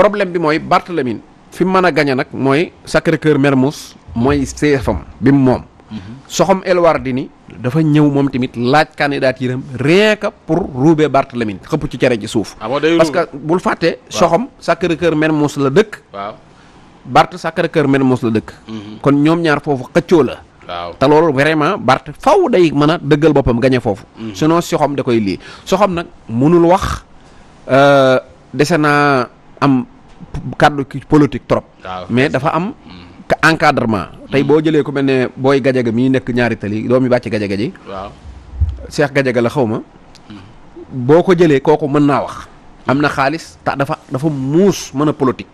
problème bi mooy Barthélemy fi mu mën a gañe nag mooy Sacré-Cœur Mermoz mooy seefam bi mu moom. Mhm. soxom El Wardini dafa ñëw moom tamit laaj candidature am rien ka pour ruube Barthélemy xëppu ci cere ci suuf. Ah parce que bul fàtte. Soham Sacré-Cœur Mermoz la dëkk. waaw Barth kër cœur Mermoz la dëkk. Mhm. kon ñoom ñaar foofu xëccoo la. waaw te loolu vraiment Barth faw day mën a dëggal boppam gañe foofu. Mhm. sinon Soham da koy lii Soham nag mënul wax euh, dese naa. am kàddu ki politique trop. Ah, mais dafa am. Hmm. encadrement. tey hmm. boo jëlee ku mel ne booy gajaga mii nekk ñaari tali doomi bàcc gajaga ji. waaw seex gajaga la xaw ma. Hmm. boo ko jëlee kooku mën naa wax. am na xaalis ta dafa dafa muus mën a politique.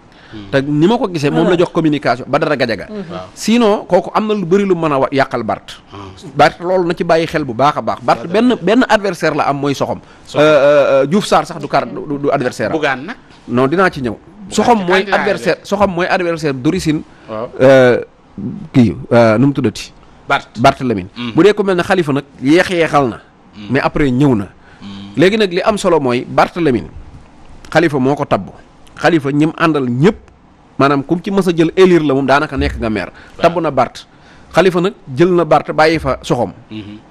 te ni ma ko gisee moom la ah. jox communication ba dara gajaga. sinon kooku am na lu bëri lu mën a yàqal Bart. Ah. Bart loolu na ci bàyyi xel bu baax a baax. Bart benn benn adversaire la am mooy soxom euh, euh, euh, Diouf Sarr sax du kar du adversaire am. Bougane nag non dinaa ci ñëw. soxam mooy adversaire soxam mooy adversaire d'origine. waaw euh, kii euh, nu mu tuddati. Bart Barthélémy. Mm-hmm. bu dee ko mel ne xalifa nag yeex yeexal na. Mm-hmm. mais après ñëw na. Mm-hmm. léegi nag li am solo mooy barte lemin xalifa moo ko tabb xalifa ñim àndal ñëpp maanaam kum ci mës a jël élire la moom daanaka nekk nga maire. tabb na Bart. xalifa nag jël na barte bàyyi fa soxom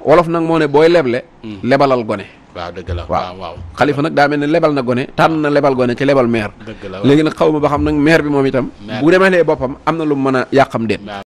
wolof nag moo ne booy leble. lebalal gone. waaw dëgg la waaw waaw xalifa nag daa mel ne lebal na gone tànn na lebal gone ci lebal maire. dëgg la léegi nag xaw ma ba xam nag maire bi moom itam. bu demalee boppam am na lu mu mën a yàqam déet.